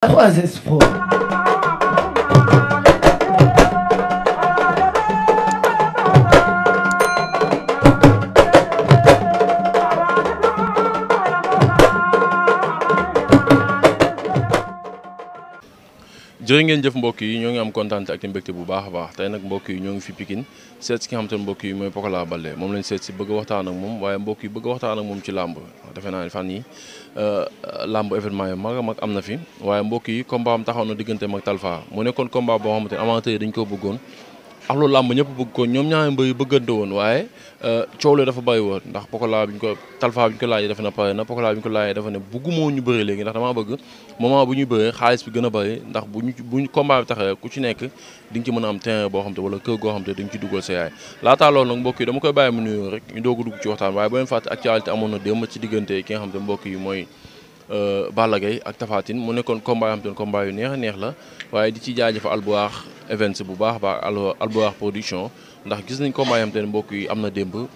Trois espoirs. jërë ngeen jëf mbokk yi ñoo ngi am kontaan ak mbégte bu baax baax tey nag mbokk yi ñoo ngi fi Pikine seet si ki nga xam te ne mbokk yi mooy Pokola Baldé moom lañ seet si bëgg waxtaan ak moom waaye mbokk yi bëgg waxtaan ak moom ci làmb defe naa fan yi euh, làmb événement yu mag a mag am na fi waaye mbokk yi combat am taxaw na diggante mag Talfa mu nekkoon combat boo xamante ne amateur yi dañ ko bëggoon axlu làmb ñëpp bëgg ko ñoom ñaari mbër yu bëggante woon waaye euh, coow la dafa bëri woon ndax Pokola bi ñu ko Talfa bi ñu ko laajee dafa na na Pokola bi ñu ko ne bëggumoo ñu bëri léegi ndax damaa bëgg moment bu ñuy bëree xaalis bi gën a bëri ndax bu ñu bu ñu bi taxawee ku ci nekk di nga ci mën a am terrain boo xam te wala kër goo xam te di nga ci dugal sa yaay laataa loolu nag mbokk yi dama koy bàyyi mu nuyoo rek ñu doog a dugg ci waxtaan waaye bu leen fàtte actualité amoon na démb Euh, Balla Gaye ak tafaatin mu nekkoon combat yoo yu neex a neex la waaye di ci jaajëfal Albuax Events bu baax baax Albuax production ndax gis nañ combat yoo xam ne mbokk yi am na démb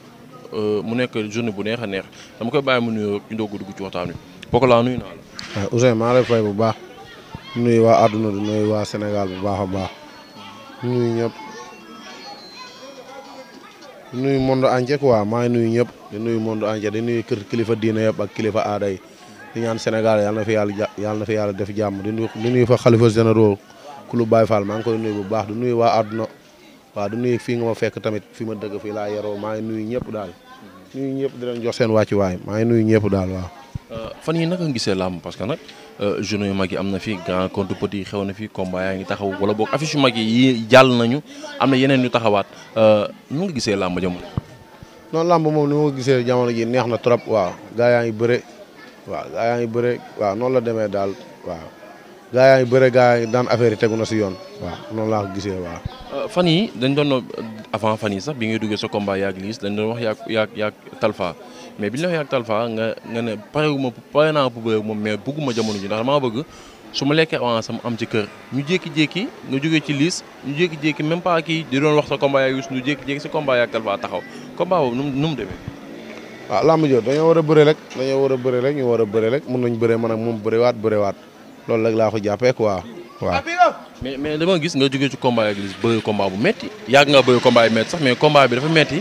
euh, mu nekk journée bu neex a neex dama koy bàyyi mu nuyoo ñu dugg ci waxtaan wi Pokola nuyu naa la. waaw euh, bu baax nuyu waa àdduna du nuyu waa Sénégal bu baax a baax nuyu ñëpp nuyu monde entier quoi maa ngi nuyu ñëpp di nuyu monde entier di nuyu kër kilifa diine yëpp ak kilifa aada yi di ñaan Sénégal yàlla na fi yàlla yàlla def jàmm di nuyu fa xalifa généraux kulu Baye Fall maa ngi koy nuyu bu baax di nuyu waa àdduna waaw di nuyu fii nga ma fekk tamit fi ma dëgg fii laa yaroo maa ngi nuyu ñëpp daal nuyu ñëpp di leen jox seen wàccuwaay maa ngi nuyu ñëpp daal waaw. Euh, fan yi naka nga gisee làmb parce que nag euh, journée yu mag yi am na fii grand contre petit xew na fi combat yaa ngi taxaw wala boog affiche yu mag yi jàll nañu am na yeneen yu taxawaat euh, nu nga gisee làmb jamono. non làmb moom ni ma ko gisee jamono neex na trop waaw waaw gaa yaa ngi bëre waaw noonu la demee daal waaw gaa yaa ngi bëre gaa yaa ngi daan affaire yi tegu si yoon waa noonu laa gisee waaw. Euh, fan yi dañ doon avant fan yi sax bi ngay duggee sa combat yaag liis dañ doon wax yaag yaag yaag Talfa mais bi ñu la wax yaag Talfa nga nga ne pare wu ma pare naa pour bëre mais bëgguma jamono ji ndax maa bëgg su ma lekkee avance am am ci kër ñu jékki-jékki nga jógee ci liis ñu jékki-jékki même pas kii di doon wax sa combat yaag liis ñu jékki-jékki sa combat yaag Talfa taxaw combat boobu nu mu nu mu demee. waaw ah, làmb jooju dañoo war a bëre rek dañoo war a bëre rek ñu war a bëre rek mën nañ bëre man ak moom bërewaat bërewaat loolu rek laa ko jàppee quoi waaw. mais mais dama gis nga jógee ci combat ak Liss bëre combat bu metti yàgg nga bëre combat yu metti sax mais combat bi dafa metti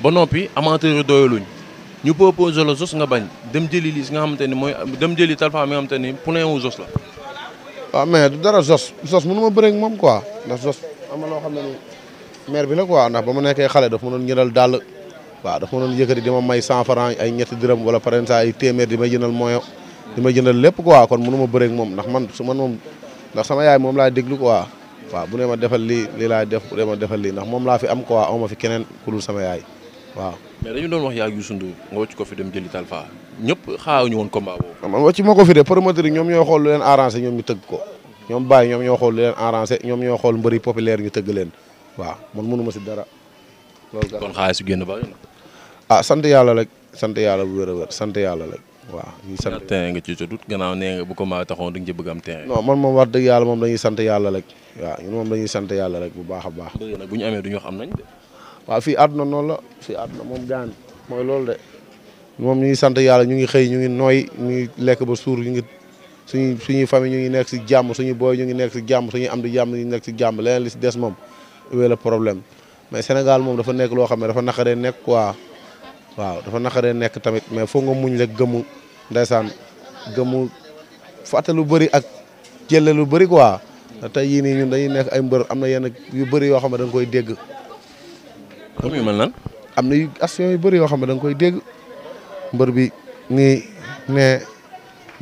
ba noppi amateur yi doyaluñ ñu proposé la Zoss nga bañ dem jëli si nga xamante ni mooy dem jëli Talfa mi nga xamante ni poulain wu la. waaw ah, mais du dara Zoss Zoss mënu ma bëre moom quoi ndax Zoss am na loo xam ne bi la quoi ndax ba mu nekkee xale daf mënoon ñëral dàll waaw dafa ma doon yëkkati di ma may cent franc ay ñetti dërëm wala par exemple ay téeméer di ma jëndal moyen di ma jëndal lépp quoi kon mënu ma bëre ak moom ndax man su man moom ndax sama yaay moom laa déglu quoi waaw bu ne ma defal lii lii laa def bu ne ma defal lii ndax moom laa fi am quoi aw ma fi keneen ku dul sama yaay waaw. mais dañu doon wax yaa ngi Youssou Ndour nga wàcc ko fi dem jëli Talfa ñëpp xaawuñu woon combat boobu. man ma ko fi de promoteur ñoom ñoo xool lu leen arrangé ñoom ñu tëgg ko ñoom bàyyi ñoom ñoo xool lu ñoom ñoo xool mbëri populaire ñu tëgg leen waaw man mënu ma si dara loolu kon xaalis su génn bari na ah sant yàlla rek sant yàlla bu wér a wér sant yàlla rek waaw ñu sant terrain nga ci tudd gannaaw nee bu ko maa taxoon duñ ci bëgg am man moom wax dëgg yàlla moom dañuy sant yàlla rek bu baax a baax nag bu ñu amee duñu wax am nañ de waaw fii àdduna noonu la fii àdduna moom gaan mooy loolu de moom ñu ngi sant yàlla ñu ngi xëy ñu ngi nooy ñu ngi lekk ba suur ñu ngi suñu suñuy famille ñu ngi nekk si jàmm suñu booy ñu ngi nekk si jàmm suñuy am di jàmm ñu ngi nekk si jàmm leneen li si des moom wéy la problème mais Sénégal moom dafa nekk loo xam ne dafa naqaree nekk waaw dafa naqaree nekk tamit mais foo nga muñ la gëmu ndeysaan gëmu fàtte lu bëri ak jëlle lu bëri quoi tey yii nii ñun dañuy nekk ay mbër am na yenn yu bëri yoo xam ne da koy dégg. am yu mel am na yu action yu bëri yoo xam ne da koy dégg mbër bi nii nee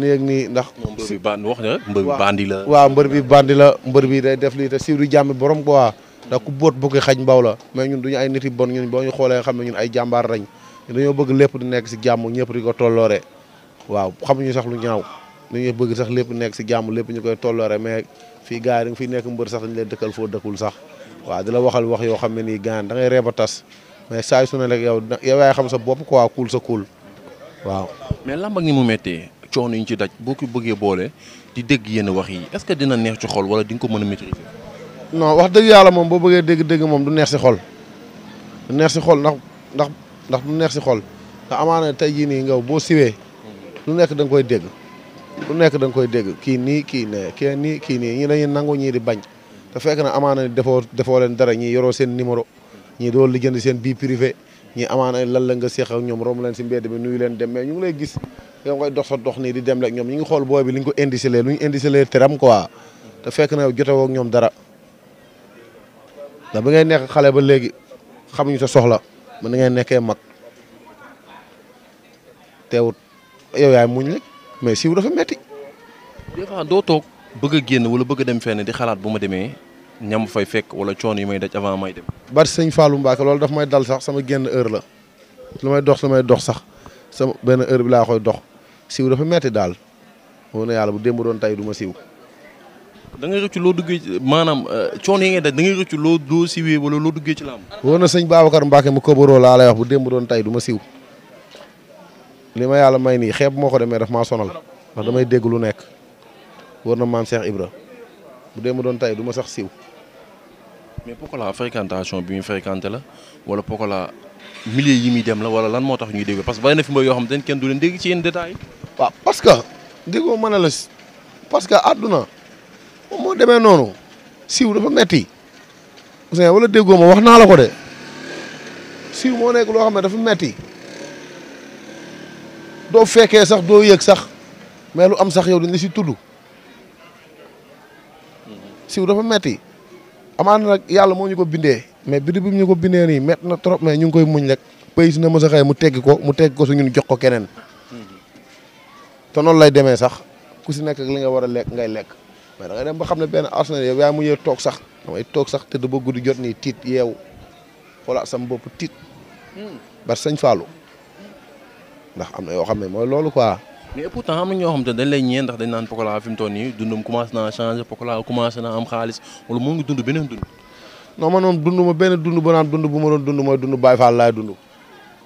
nii ak nii ndax. mbër bi bandi wax na mbër bi bandi la. waaw mbër bi bandi la mbër bi day def lii te siiw di jàmm borom quoi. ndax ku boot bukki xaj mbaw la mais ñun duñu ay nit yi bon ñun boo ñu xoolee xam ne ñun ay jàmbaar lañ. dañoo bëgg lépp di nekk si jàmm ñëpp di ko tolloore waaw xamuñu sax lu ñaaw dañuy bëgg sax lépp nekk si jàmm lépp ñu koy tolloore mais fii gars yi nga fi nekk mbër sax dañu leen dëkkal foo dëkkul sax waaw di la waxal wax yoo xam ne nii gaan da ngay reeb a tas mais saa su ne rek yow yow yaay xam sa bopp quoi kuul sa kuul waaw. mais lamb ak ni mu mettee coono yi ñu ci daj boo ko bëggee boole di dégg yenn wax yi est-ce que dina neex ci xol wala di nga ko mën a maîtriser. non wax dëgg yàlla moom boo bëggee dégg-dégg moom du neex si xol du neex si xol ndax ndax ndax mu neex si xol te amaana tey jii nii ngaw boo siwee lu nekk da koy dégg lu nekk da koy dégg kii nii kii ne kenn nii kii nii ñi dañuy nangu ñii di bañ da fekk na amaana defoo defoo leen dara ñii yoroo seen numéro ñii doo lijjanti seen bii privé ñii amaana lan la nga seex ak ñoom romb leen si mbedd bi nuyu leen dem ñu ngi lay gis nga koy dox nii di dem rek ñoom ñu xool booy bi li ko indiselee lu ñu indiselee teram quoi fekk na jotewoo ak ñoom dara da ba ngay nekk xale ba léegi xam ñu sa soxla man na ngeen nekkee mag teewut yow yaay muñ rek mais siiw dafa metti des fois doo toog bëgg a génn wala bëgg a dem fenn di xalaat bu ma demee ñam fay fekk wala coon yi may daj avant may dem. bari sëñ Fallou Mbacke loolu daf may dal sax sama génn heure la lu may dox lu may dox sax sama benn heure bi laa koy dox siiw dafa metti daal wóor na yàlla bu dem démb doon tey du ma siiw. da ngay rëccu loo duggee ci maanaam euh, coono yi ngay da ngay rëccu loo doo siwee wala loo duggee ci làmb. wóor na sëñ Babacar Mbacke mu kobaroo laa lay wax bu démb doon tey du ma siw li ma yàlla may nii xeeb moo ko demee maa sonal ndax damay dégg lu nekk wóor na maam Ibra bu démb doon tey du ma sax siw. mais Pokola fréquentation bi muy fréquenté la wala Pokola milieu yi muy dem la wala lan moo tax ñuy dégg parce que bari na fi xam te ne kenn du leen dégg ci yenn détails. waaw parce que déggoo man a la parce que àdduna. moo demee noonu siiw dafa metti Ousseyn wala déggoo ma wax naa la ko de siiw moo nekk loo xam ne dafa metti doo fekkee sax doo yëg sax mais lu am sax yow dañ la si tudd siiw dafa metti amaana nag yàlla moo ñu ko bindee mais bidi bi ñu ko bindee nii mett na trop mais ñu ngi koy muñ rek pays na mës a xëy mu teggi ko mu teggi ko su ñun jox ko keneen mm-hmm. te noonu lay demee sax ku si nekk li nga war a lekk ngay lekk mais da ngay dem xam ne benn Arsenal yow yaa mujjee toog sax damay toog sax tëdd ba guddi jot nii tiit yeewu xoolaat sama bopp tiit. Hmm. bar sëñ Fallou ndax am na yoo xam ne mooy loolu quoi. mais pourtant am na ñoo xam te dañ lay ñeen ndax dañ naan Pokola fi mu toll nii dundum commencé naa changé Pokola commencé naa am xaalis wala moo ngi dund beneen dund. non man moom dund ma benn dund ba naan dund bu ma doon dund mooy dund Baye Fall dund.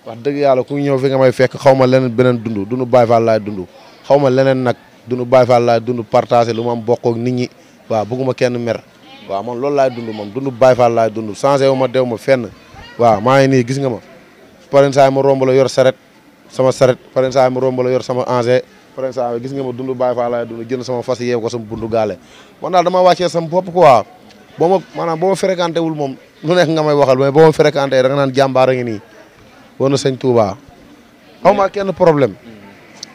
wax dëgg yàlla ku ñëw fi nga may fekk xaw ma leneen beneen dund dund Baye dund xaw ma leneen nag. dund Baye Fall laay dund partagé lu ma am bokk ak nit ñi waaw bëgguma kenn mer waa man loolu laay dund moom dund Baye Fall laay dund changé wu ma dew ma fenn waaw maa ngi nii gis nga ma paren saa ma romb la yor saret sama saret paren saa ma romb la yor sama engin paren saa gis nga ma dund Baye Fall laay dund jënd sama fas yeew ko sama bundu gaale man daal dama wàccee sama bopp quoi boo ma maanaam boo ma wul moom lu nekk nga may waxal mais boo ma fréquenté da nga naan jàmbaar a ngi nii woon na sëñ Touba xaw ma kenn problème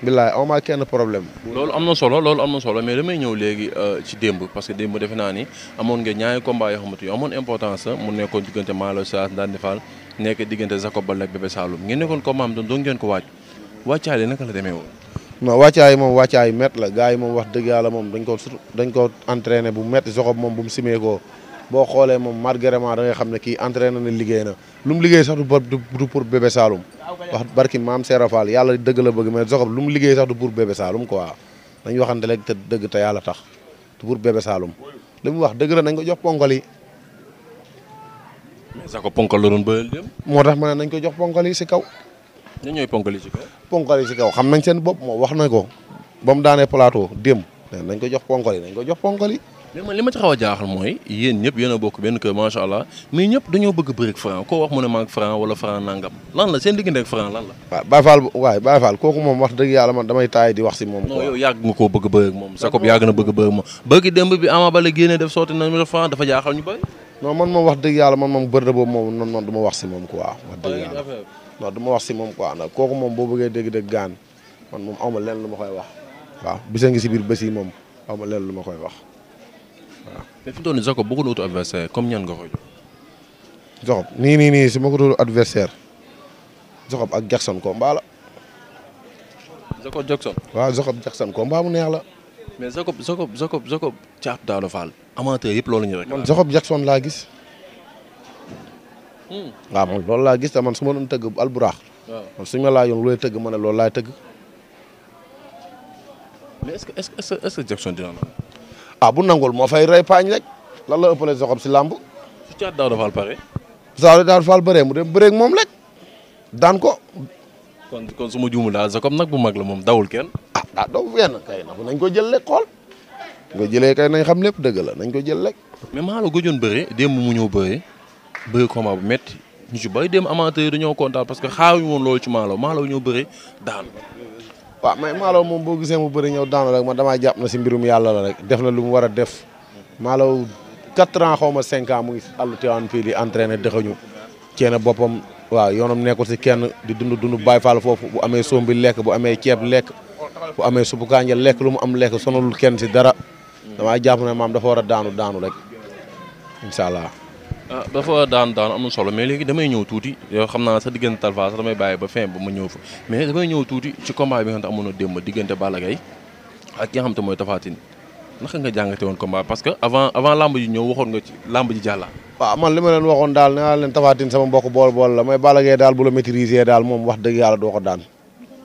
billaay aw a kenn problème. loolu am na solo loolu am na solo mais damay ñëw léegi euh, ci démb parce que démb defe naa ni amoon nga ñaari combat yoo xamante yu amoon importance mu nekkoon diggante Malo Sass Ndande Fall nekk diggante Jacob Baldé ak Bébé Saloum ngeen nekkoon combat am doon doon ngeen ko waaj wàccaay naka la demee woon. non wàccaay moom wàccaay mett la gars yi moom wax dëgg yàlla moom dañ ko dañ ko entraîné bu mett Jacob moom bu mu simee boo xoolee moom malgré da ngay xam ne kii entraîné na liggéey na lu mu liggéey sax du pour bébé Saloum wax barki maam Serra Fall yàlla dëgg la bëgg mais Sokab lu mu liggéey sax du pour bébé Saloum quoi dañu waxante léegi te dëgg te yàlla tax du pour bébé Saloum li mu wax dëgg la ko jox ponkal yi. mais Sokab ponkal la doon moo tax ma ne nañ ko jox ponkal yi si kaw. ñun ñooy ponkal yi si kaw. si kaw xam nañ seen bopp moo wax na ko ba mu daanee plateau démb nañ ko jox ponkal yi nañ ko jox ponkal yi. mais man li ma ci xaw a jaaxal mooy yéen ñëpp yéen a bokk benn kër macha allah mais ñëpp dañoo bëgg bëri ak franc koo wax mu ne maa ngi franc wala franc nangam lan la seen diggante ak franc waaye Baye Fall kooku moom wax dëgg yàlla man damay taay di wax si moom. non yow bëgg bëri na bëgg bëri moom bëgg démb bi Ama Baldé génne def sotti na yàlla man moom bërëb boobu moom non non du wax si moom quoi. wax dëgg yàlla non du wax si moom ko nag kooku moom boo bëggee dégg-dégg gaan man moom aw ma leen lu ma koy wax waaw bisa ngi si biir bés yi moom aw ma leen lu ma koy wax mais fi mu toll nii Jacob boo ko doon utu adversaire comme ñan nga koy jox. Jacob nii nii nii su ma ko doon adversaire Jacob ak Jackson combat la. Jacob Jackson. waaw Jacob Jackson combat mu neex la. mais Jacob Jacob Jacob Jacob Thiatou Daouda Fall amateur loolu ñu rek. man Jacob Jackson laa gis. Hmm. waaw man loolu laa gis te man su ma doon tëgg alburax. waaw man suñu ma laa yoon tëgg ma a loolu laay tëgg. mais est-ce que est que Jackson dina noonu. a ah, bu nangul moo fay rey paañ rek lan la ëppale soxam si làmb. su caat daaw dafaal pare. saa daaw dafaal bëree mu dem bëreeg moom rek daan ko. kon kon su ma juumul daal Jacob nag bu mag la moom dawul kenn. ah daa dawul kenn kay nañ ko jël rek xool. nga jëlee kay nañ xam lépp dëgg la nañ ko jël rek. mais maa la gëjoon bëree démb mu ñëw bëree bëri combat bu métti ñu ci bay démb amateur yi dañoo kontaan parce que xaaruñu woon loolu ci maalaw maalaw ñoo bëree daanu. waaw mais maalo moom boo gisee mu bëri ñëw daanu rek man damaa jàpp na si mbirum yàlla la rek def na lu mu war a def Malaw quatre ans xaw ma cinq ans mu ngi àllu Tivaouane fii di entraîné dëxañu ceene boppam waaw yoonam nekkul si kenn di dund dund Baay Faal foofu bu amee soom bi lekk bu amee ceeb lekk bu amee suppu kanja lekk lu mu am lekk sonalul kenn si dara damaa jàpp ne maam dafa war a daanu daanu rek incha allah Ah, dafa daan daan am na solo mais léegi damay ñëw tuuti yoo xam naa sa diggante Talfa sax damay bàyyi ba fin ba ma ñëw fa mais damay ñëw tuuti ci combat bi nga xam ne amoon na démb diggante mooy Tapha Tine naka nga jàngate woon combat parce que avant avant lamb ji ñëw waxoon nga ci lamb ji jàlla waaw ma leen waxoon daal naa leen Tapha sama mbokk bool bool la mooy Balla Gaye daal bu la daal moom wax dëgg yàlla doo ko daan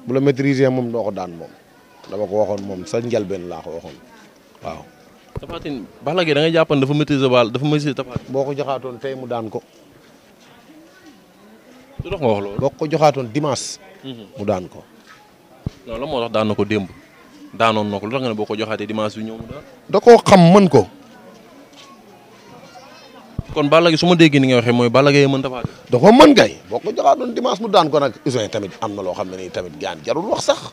la maîtriser moom doo ko daan moom dama ko waxoon moom sax njalbeen laa ko waxoon waaw Tapha Tine Balla Gaye da jàppoon dafa maîtriser Balla dafa maîtriser Tapha boo ko joxaatoon tey mu daan ko. lu tax ko joxaatoon dimanche. Mhm. mu daan ko. moo tax daan ko démb daanoon na lu tax nga ne boo ko joxaatee dimanche bi ñëw mu daan. da koo xam mën ko. kon Balla Gaye su ma ni nga waxe mooy Balla Gaye mën Tapha Tine. da man mën kay boo ko joxaatoon dimanche mu daan ko nag Ouzin tamit am na loo xam ne nii tamit gaan jarul wax sax.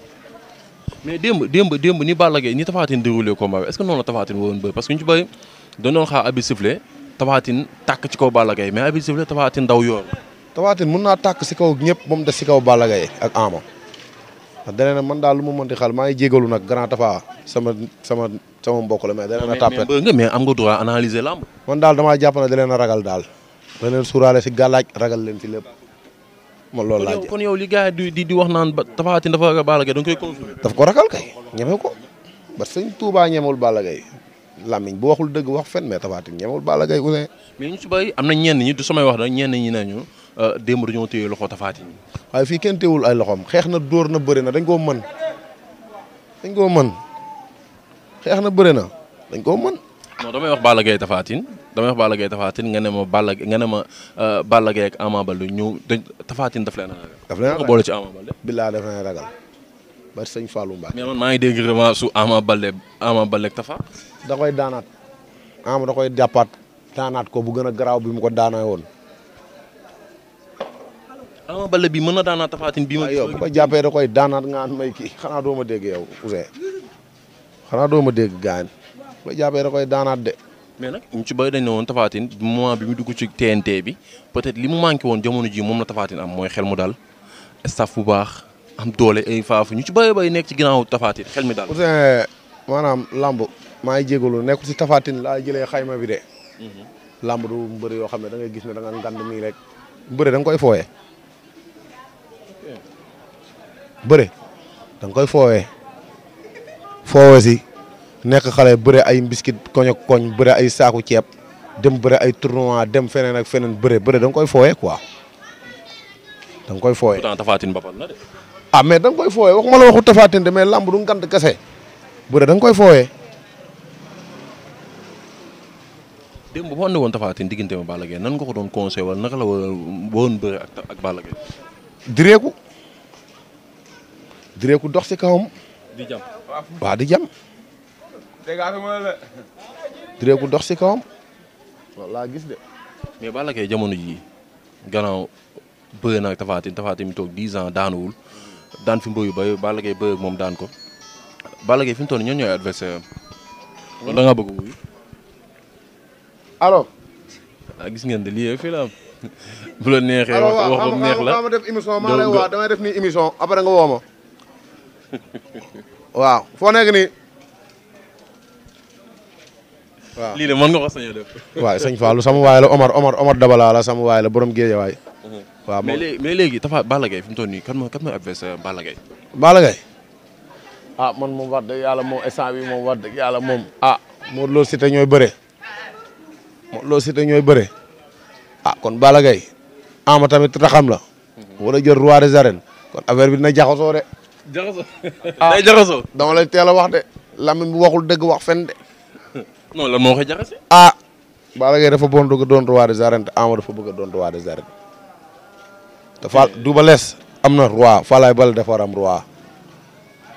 mais démb démb démb ni Balla Gaye ni Tapha Tine déroulé combat bi est-ce que noonu la Tapha Tine woon bëri parce que ñu ci bëri dañoo xaar abi sifflé Tapha tàkk ci kaw Balla Gaye mais abi sifflé Tapha Tine daw yoon. Tapha Tine mun naa tàkk si kaw ñëpp moom des si kaw Balla Gaye ak Ama ndax man daal lu mu mënti xal maa jégalu nag grand Tapha sama sama sama mbokk la mais danañ na tàppet mais am nga droit analyser lamb man daal damaa jàpp ne na ragal daal danañ suuraale si gàllaaj ragal leen si lépp man loolu laa kon yow li gars yi di di wax naan ba Tapha Tine dafa ragal daf ko ragal kay ko ba sëñ Touba ñemewul Balla Gaye Lamine bu waxul dëgg wax fen mais Tapha Tine ñemewul Balla Gaye Ouzin. mais ñu ci bëri am na ñenn ñi du samay wax na ñenn ñi nañu euh, démb dañoo téye loxo Tapha waaye fii kenn téewul ay loxoom xeex na dóor na bëri na dañ koo mën dañ koo mën xeex na bëri na dañ koo mën non damay wax Balla Gaye Tapha Tine damay nga ne ma Balla nga ne ma euh, Balla Gaye daf leen a ragal. daf leen a ragal boole ci Ama daf leen a ragal. bari sëñ Fallou Mbacké. maa ngi dégg vraiment su Ama Baldé Ama Baldé ak daanaat. da koy jàppaat daanaat ko bu gën a garaaw bi mu ko daanaa woon. bi mën na daanaat Tapha Tine bi ma. yow bu ko jàppee da koy daanaat nga may kii xanaa doo ma dégg yow Ousseyn ba jàppee da koy daanaat de. mais nag ñu ci bëri dañ ne woon Tapha Tine moment bi mu dugg ci TNT bi peut-être li mu manqué woon jamono ji moom la Tapha am mooy xel mu dal staff bu baax am doole ay faafu ñu ci bëri bay nekk ci ginnaaw Tapha xel mi dal. Ousseyn maanaam lamb maa ngi jégalu nekkul si Tapha Tine laa jële xayma bi de. Mhm. lamb du mbëri yoo xam ne dangay gis ne da nga ngand mii rek mbëri da nga koy fooyee. bëre da koy foowee foowee si nekk xale bëre ay mbiskit koñ ak koñ bëre ay saaku ceeb dem bëre ay tournoi dem feneen ak feneen bëre bëre da nga koy fooyee quoi da koy fooyee. pourtant tafaatin boppam la ah mais da nga koy fooyee waxuma la waxu tafaatin de mais lamb du ngant kese bëre da nga koy fooyee. démb boo andi woon tafaatin diggante ma Balla Gaye nan nga ko doon conseil wala na la woon bëre ak ak Balla Gaye. direeku dox si kawam. di jam waaw di jam. diree bu dox si kawam loolu laa gis de. mais Balla Gaye jamono ji gannaaw bëre naag Tapha Tine Tapha Tine mi toog 10 ans daanuwul daan fi mbëyu ba Balla Gaye bëre ak moom daan ko Balla Gaye fi mu toll ñoo ñooy adversaire am. kon da ngaa bëgg wuyu. alors. ah gis ngeen de lii fii la am bu la neexee. wax wax neex la waaw ma def émission maa damay def nii émission après nga woo waaw foo nekk nii. waaw lii de mën nga ko sañ a def. waaw sëñ Fallou sama waay la Omar Omar Omar Dabala la sama waay la borom Géejawaay. Mhm. waaw mais léegi mais léegi Tafa Balla Gaye fi mu toll nii kan mooy kan mooy adversaire Balla Gaye. Balla Gaye ah man moom wax dëgg yàlla moom instant bi moom wax dëgg yàlla moom. ah Modou Lo Siteu ñooy bëre Modou Lo Siteu ñooy bëre ah kon Balla Gaye ama tamit raxam la. Mhm. war a jël roi des arènes kon affaire bi dina jaxasoo de. jaxasoo ah, day dama lay teel a wax de. Lamine bu waxul dëgg wax non lan moo koy jaxase. ah. Balla Gaye dafa bon bëgg a doon roi des arènes te Ama dafa bëgg a doon roi des arènes te Fall Double am na roi Falaye Bal def war am roi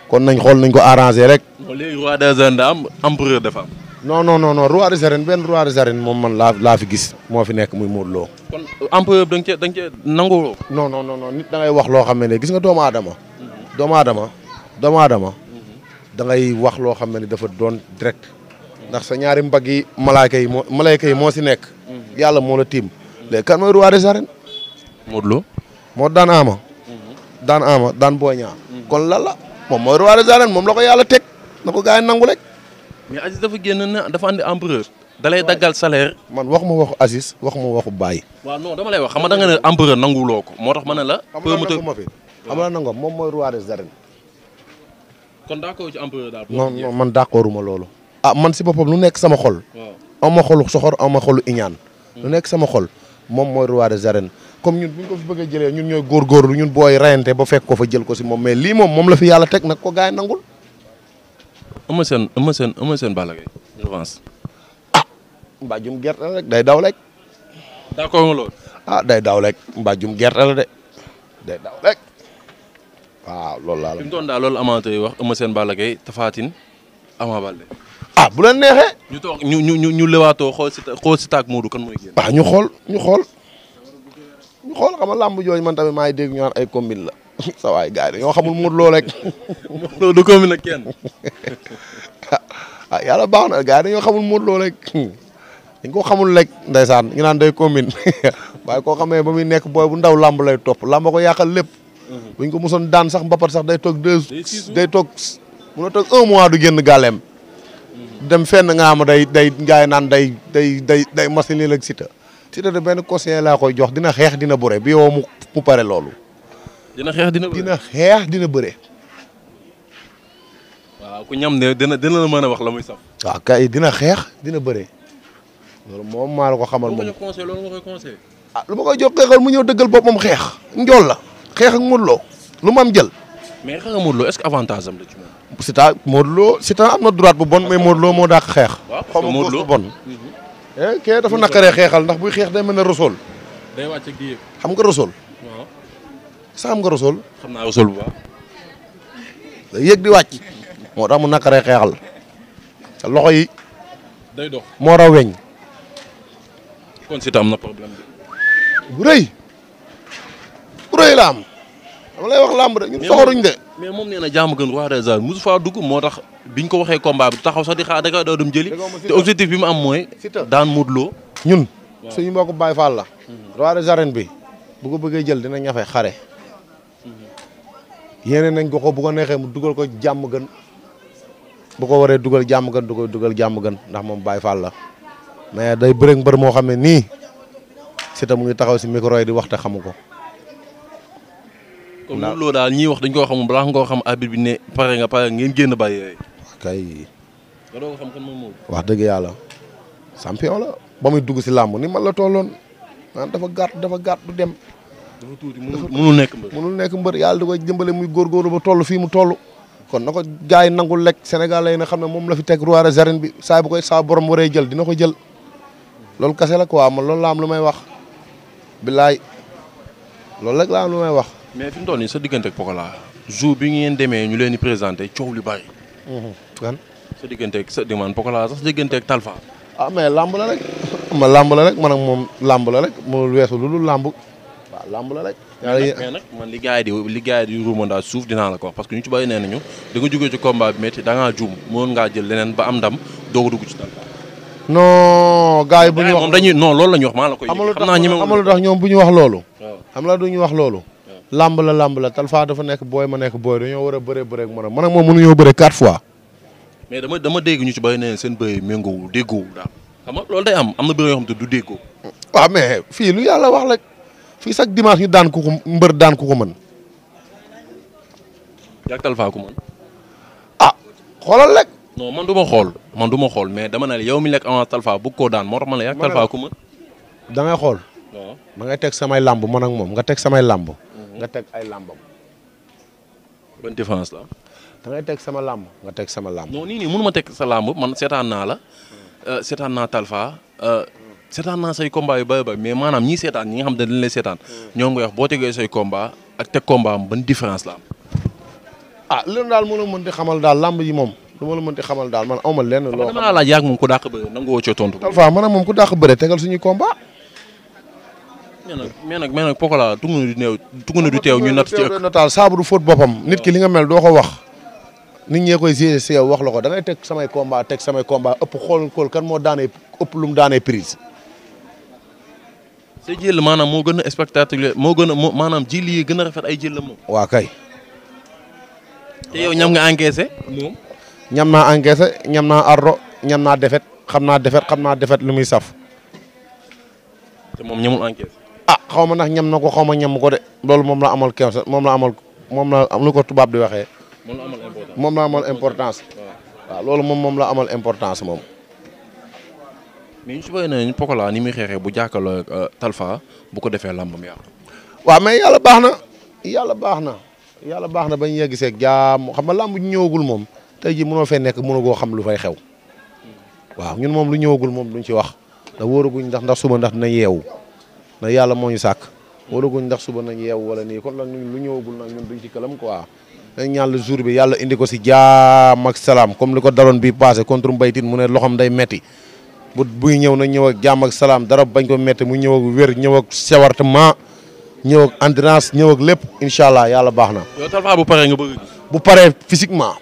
kon nañ xool nañ ko arrangé rek. non léegi roi des arènes da am empereur dafa am. non non non non roi des arènes moom man laa laa fi gis moo fi nekk muy Modou Lo. kon empereur da cee da nga cee nangu. non nit da wax loo xam ne gis nga doomu aadama. doom mhm. aadama doomu aadama. wax loo xam ne dafa doon direct. ndax sa ñaari mbagg yi malaayka yi moo malaayka yi moo si nekk. Mhm. yàlla moo la tiim. léegi kan mooy roi des arènes. Modou Lo. moo daan Ama. Mhm. daan Ama daan Boy mhm. kon lan la moom mooy roi des arènes moom la ko yàlla teg na ko gars yi nangu rek. mais Aziz dafa génn na dafa andi empereur. da lay daggal salaire. man wax ma waxu Aziz wax ma waxu Baye. waaw non dama lay wax xam nga da nga ne empereur nanguwuloo ko moo tax ma ne la. promoteur ma fi xam nga nangam moom mooy roi des arènes. man d'accorduma loolu. ah man si boppam lu nekk sama xol. am ma xolu ma xolu iñaan lu nekk sama xol moom mooy roi des comme ñun bu bëgg a jëlee ñun ñooy góorgóorlu ñun booy rayante ba fekk fa jël ko si moom lii moom moom la fi yàlla teg nag ko gaay yi nangul. Eumeu ah, gerte la rek day daw rek. d'accord ma ah, day daw rek mbàjjum gerte la de day daw rek waaw loolu laa la. fi mu doon daal loolu amateur yi wax Eumeu Sène Balla Gaye Tapha Tine Ama Baldé ah bu leen neexee. ñu toog ñu ñu ñu ñu lewaatoo xool si xool si taag Modou kan mooy génn. waaw ah, ñu xool ñu xool xool xam nga làmb jooju man maa ngi dégg ñu ay combine la sa waay ñoo xamul Modou Lo rek. Modou Lo du combine ak kenn. ah yàlla baax na gars yi ñoo xamul Modou Lo rek. dañ ko xamul lekk ndeysaan ñu naan day combine waaye koo xamee ba muy nekk booy bu ndaw làmb lay topp làmb ko yàqal lépp. Mhm. buñ ko mosoon daan sax mbapat sax day toog deux. day toog mën a toog un du génn gàlleem. dem fenn nga xam day day ngaay naan day day day day machine la ak Siteu benn conseiller laa koy jox dina xeex dina bëre bi yow mu mu pare loolu. dina xeex dina bëre xeex dina bëre. waaw ku ñam de dina dina la mën wax la muy saf. waaw kay dina xeex dina bëre loolu moom maa la ko xamal. moom conseil loolu nga ah lu ma koy jox xeexal mu ñëw dëggal boppam xeex. njool la xeex ak Modou Lo lu ma am jël. mais xeex ak Modou Lo est avantage am la Siteu Modou Lo am na droite bu bon mais Modou Lo moo dàq xeex. xaw ma bon. Eh, kee dafa naqaree xeexal ndax buy xeex day mel ne Rasool. day wàcc ak xam nga Rasool. waaw sa xam nga Rasool. xam bu baax. di wàcc. moo tax mu naqaree xeexal. te loxo yi. day dox moo raw weñ. kon Siteu am dama lay wax làmb ñun soxoruñ de. mais moom nee na jàmm gën roi des arènes mosu faa dugg moo tax biñ ko waxee combat bi taxaw sax di xaar da koy doo dem jëli. te objectif bi mu am mooy. daan Modou Lo ñun suñu mbokk baay Fall la. Mhm. roi des arènes bi bu ko bëggee jël dina ñafe xare. Mhm. yeneen nañ ko ko bu ko neexee mu dugal ko jàmm gën bu ko waree dugal jàmm gën du ko dugal jàmm gën ndax moom Baye Fall la mais day bëreeg mbër moo xam ne nii si ta mu ngi taxaw si micro yi di waxte xamu ko. kon loolu daal ñiy wax dañ koo xam balaa xam bi ne pare nga pare ngeen génn bàyyi yooyu. kay. nga doog a xam wax dëgg yàlla champion la ba muy dugg si làmb ni man la tolloon naan dafa gàtt dafa gàtt du dem. dafa tuuti mënul nekk mbër mënul nekk mbër yàlla da koy jëmbale muy góorgóorlu ba toll fii mu toll. kon na ko gars nangul lekk senegal lay na xam ne moom la fi teg roi des bi saa bu koy saa borom waree jël dina ko jël loolu kase la quoi man loolu la am lu may wax billaay loolu rek am lu may wax mais fi mu ni nii sa diggante ak Pokola jour bi ngeen demee ñu leen di présenté coow lu bari. Mhm. kan sa diggante ak sa demande Pokola sax sa diggante ak Talfa. ah làmb la rek ma làmb la rek man ak moom làmb la rek mu weesu lu dul làmb. waaw làmb la rek. mais nag man li gars yi di li gars yi di ruumandaa suuf dinaa la ko wax parce que ñu ci bari nee nañu da nga jógee ci combat bi métti da juum mënoon ngaa jël leneen ba am ndam doog a dugg ci Talfa. non gars yi bu ñu wax moom loolu la wax maa la koy. xam naa ñi amul tax ñoom bu ñu wax loolu. waaw xam ñu wax loolu. làmb la làmb la Talfa dafa nekk booy ma nekk booy dañoo war a bëree bëree ak man man ak moom mënuñoo bëree fois. mais dama dama dégg ñu ci bay ne seen bëy méngoowul déggoowul daal xam nga loolu day am am na bëy yoo xam te du déggoo. waaw mais fii lu yàlla wax rek fii chaque dimanche ñu daan ku ko mbër daan ku ko mën. yaa Talfa ku mën. Ah, xoolal rek. non man du ma xool man du ma xool dama ne yow mi nekk avance Talfa bëgg koo daan moo tax ma ne yaa Talfa ku mën. da ngay xool. waaw da ngay teg samay làmb man ak moom nga teg samay làmb. nga teg ay làmbam. ban différence la da ngay teg sama làmb nga teg sama làmb. non nii nii mënuma teg sa làmb man seetaan naa la euh, seetaan naa Talfa euh, seetaan naa say combat yu bëri bëri mais maanaam ñii seetaan ñi nga xam ne dañ lay seetaan ñoom nga wax boo tegee say combat ak teg combat am ban différence la am. ah loolu daal mën na mënti xamal daal làmb yi moom lu ma la mënti xamal daal man awma xam ne dama la laaj yaa moom ku dàq bëre nangu woo cee tontu. Talfa man ak moom ku tegal suñuy combat. mais mais nag mais nag Pokola tugg ñu natt ci ëkk. notaal saabu ki li nga mel doo ko wax nit ñee koy géré wax la ko da teg samay combat teg samay combat xool xool kan moo daanee ëpp lu mu daanee prise. jël maanaam moo gën a spectateur moo gën a moo maanaam jël yi gën a rafet ay jël la moom. waa kay. te yow ñam nga encaissé. moom ñam naa encaissé ñam naa arro ñam naa defet xam naa defet xam naa defet lu muy saf. te moom ñamul encaissé. ah xaw ma ndax ñam na ko xaw ma ñam ko de loolu moom la amal kew moom la amal moom la am lu ko tubaab di waxee. moom la amal importance waaw loolu moom moom la amal importance moom. mais ñu si bëri nañu Pokola ni muy xeexee bu jàkkaarloo ak euh, Talfa bu ko defee làmbam yàqu. waaw mais yàlla baax na yàlla baax na yàlla baax na bañ yegg seeg jaam xam nga làmb ñëwagul moom te jii mënoo fee nekk goo xam lu fay xew waaw ñun moom lu ñëwagul moom duñ ci wax da wóoraguñ ndax ndax suba ndax dina yeewu. ndax yàlla moo ñu sàkk waraguñ ndax suba nañ yeew wala nii kon lu ñëwagul nag ñun duñ ci këlam quoi dañ ñaan la jour bi yàlla indi ko si jaam ak salaam comme li ko daloon bi passé contre mbaytin mu ne loxam day metti bu buy ñëw na ñëw ak jaam ak salaam dara bañ ko metti mu ñëw ak wér ñëw ak sewartement ñëw ak endurance ñëw ak lépp incha allah yàlla baax na. yow Talfa bu paree nga bëgg. bu paree physiquement.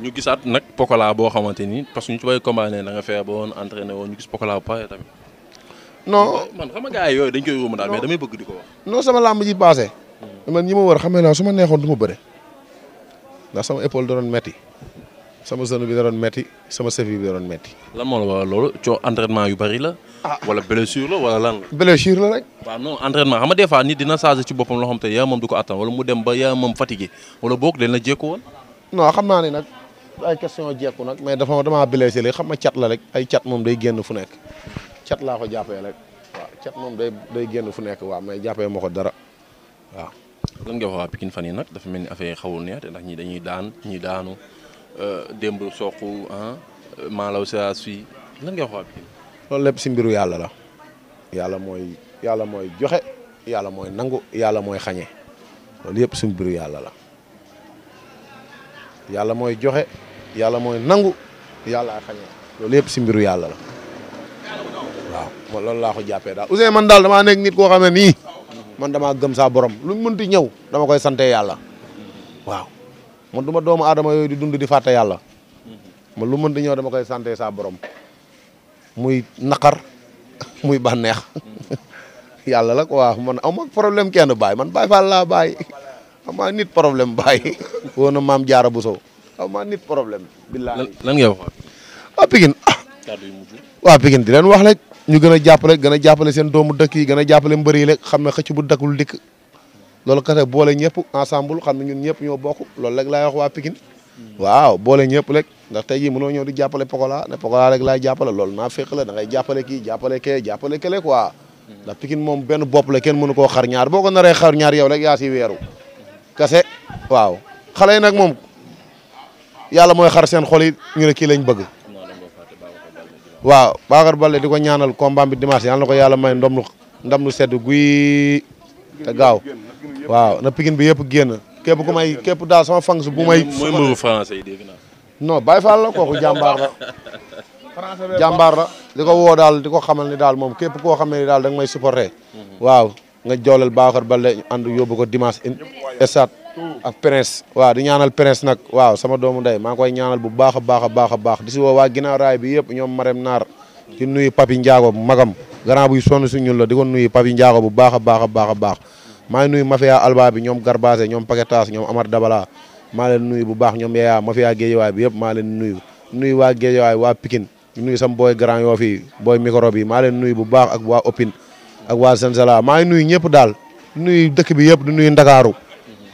ñu gisaat nag Pokola boo xamante ni parce que ñu ci bay combat ne da nga fexe ba woon entraîné man xam nga yooyu dañ koy wóobu daal mais damay bëgg di ko wax. sama làmb ji passé. Hmm. man ñi ma war xam naa su ma neexoon du ma bëre ndax sama épaule da doon metti sama zone bi da doon sama sëf bi da doon moo la waral loolu yu bari la. Ah. wala blessure la wala lan la. blessure la rek. waaw non entraînement xam nga des dina changé ci boppam loo xam te yaa moom du ko attan wala mu dem ba yaa moom fatigué wala boog dañ la jékku woon. non xam naa ne nag. ay question jekku nag mais dafa damaa blessé léegi xam nga cat la rek ay moom day génn fu nekk cat laa ko jàppee rek waaw cat moom day day génn fu nekk waaw mais jàppee ma ko dara waaw. lan nga fan yi nag dafa mel ni affaire yi xawul neex te ndax dañuy daan ñi daanu euh, démb soqu ah maalaw saa suy lan loolu lépp si mbiru yàlla la yàlla mooy yàlla mooy joxe yàlla mooy nangu yàlla mooy xañe loolu yëpp si yàlla la yàlla mooy joxe. yàlla mooy nangu yàlla xañee loolu yëpp si mbiru yàlla la waaw man loolu laa ko jàppee daal Ouzin damaa nekk nit koo xam ne nii man damaa gëm saa borom lu mu mënti ñëw dama koy sante yàlla waaw man du ma doomu aadama yooyu di dund di fàtte yàlla man lu mënti ñëw dama koy sante saa borom muy naqar muy bànneex yàlla la ko quoi man aw ma problème kenn baay man baay fa laa baay xam nit problème baay woon na maam jaara bu sow aw maa nit problème. billaahi lan nga waxoon. waa Pikine ah. wax rek ñu gën a jàppale gën a jàppale seen doomu dëkk yi gën a jàppale mbër yi rek xam ne xëcc bu dëkkul dikk loolu kat boole ñëpp ensemble xam ne ñun ñëpp ñoo bokk lool rek laay waa Pikine. Hmm. waaw boole ndax tey jii mënoo ñëw di jàppale Pokola ne Pokola rek laay jàppale loolu naa fekk la da ngay jàppale kii jàppale kee jàppale kele quoi. Hmm. ndax Pikine moom benn bopp la kenn mënu koo xar ñaar boo ko naree xar ñaar yow rek yaa si weeru hmm. kase waaw xale nag moom yàlla mooy xar seen xol yi ñu kii lañ bëgg waaw Bakar Balde di ko ñaanal combat bi dimanche yàlla na ko yàlla may ndam lu ndam lu sedd guy te gaaw waaw na Pikine bi yëpp génn képp ku may képp daal sama fang bu may. mooy mbëgu français yi non Baye Fall jàmbaar la di ko woo daal di ko xamal ni daal moom képp koo xam ne daal da may supporter mhm. waaw nga jooleel Bakar Balde ànd yóbbu ko dimanche in ak prince waa di ñaanal prince nag waaw sama doomu ndey maa ngi koy ñaanal bu baax a baax a baax a baax di si woo waa ginnaaw raay bi yëpp ñoom marem naar di nuyu papi njaago magam grand buy sonn si ñun la di ko nuyu papi njaago bu baax a baax a baax a baax maa nuyu mafia alba bi ñoom garbase ñoom paquetage ñoom amar dabala maa leen nuyu bu baax ñoom yeeyaa mafia géejawaay bi yëpp maa leen nuyu nuyu waa géejawaay waa Pikine nuyu sam booy grand yoo fi booy micro bi maa leen nuyu bu baax ak waa Opine ak waa Sensala maa ngi nuyu ñëpp daal nuyu dëkk yëpp di nuyu Ndakaaru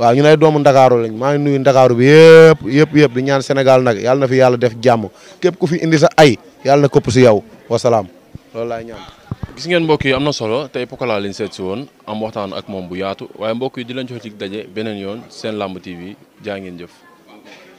waa ñu ne doomu ndakaaru lañ maa ngi nuyu ndakaaru bi yëpp yëpp yëpp di ñaan Sénégal nag yàlla na fi yàlla def jàmm képp ku fi indi sa ay yàlla na këpp si yow wasalaam loolu laay ñaan gis ngeen mbokk yi am na solo tey Pokola lañ seet si woon am waxtaan ak moom bu yaatu waaye mbokk yi di lañ jox ci daje beneen yoon seen làmb TV jaa ngeen jëf